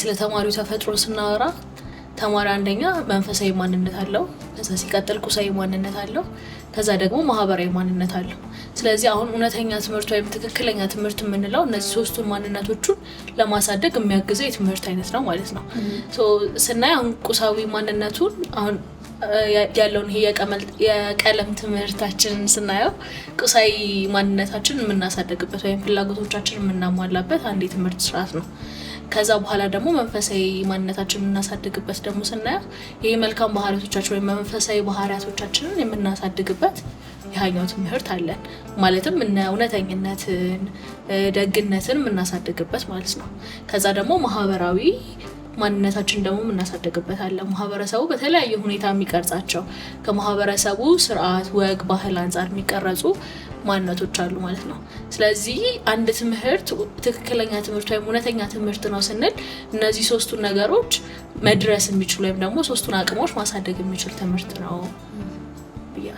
ስለ ተማሪው ተፈጥሮ ስናወራ ተማሪ አንደኛ መንፈሳዊ ማንነት አለው፣ ከዛ ሲቀጥል ቁሳዊ ማንነት አለው፣ ከዛ ደግሞ ማህበራዊ ማንነት አለው። ስለዚህ አሁን እውነተኛ ትምህርት ወይም ትክክለኛ ትምህርት የምንለው እነዚህ ሶስቱን ማንነቶቹን ለማሳደግ የሚያግዘው የትምህርት አይነት ነው ማለት ነው። ስናይ አሁን ቁሳዊ ማንነቱን አሁን ያለውን ይሄ የቀለም ትምህርታችንን ስናየው ቁሳዊ ማንነታችን የምናሳደግበት ወይም ፍላጎቶቻችን የምናሟላበት አንድ የትምህርት ስርዓት ነው። ከዛ በኋላ ደግሞ መንፈሳዊ ማንነታችንን የምናሳድግበት ደግሞ ስናየው ይህ መልካም ባህሪያቶቻችን ወይም መንፈሳዊ ባህሪያቶቻችንን የምናሳድግበት የሃይማኖት ትምህርት አለን። ማለትም እነ እውነተኝነትን፣ ደግነትን የምናሳድግበት ማለት ነው። ከዛ ደግሞ ማህበራዊ ማንነታችን ደግሞ የምናሳደግበታለን። ማህበረሰቡ በተለያየ ሁኔታ የሚቀርጻቸው ከማህበረሰቡ ስርዓት፣ ወግ፣ ባህል አንጻር የሚቀረጹ ማንነቶች አሉ ማለት ነው። ስለዚህ አንድ ትምህርት ትክክለኛ ትምህርት ወይም እውነተኛ ትምህርት ነው ስንል እነዚህ ሶስቱን ነገሮች መድረስ የሚችል ወይም ደግሞ ሶስቱን አቅሞች ማሳደግ የሚችል ትምህርት ነው ብዬ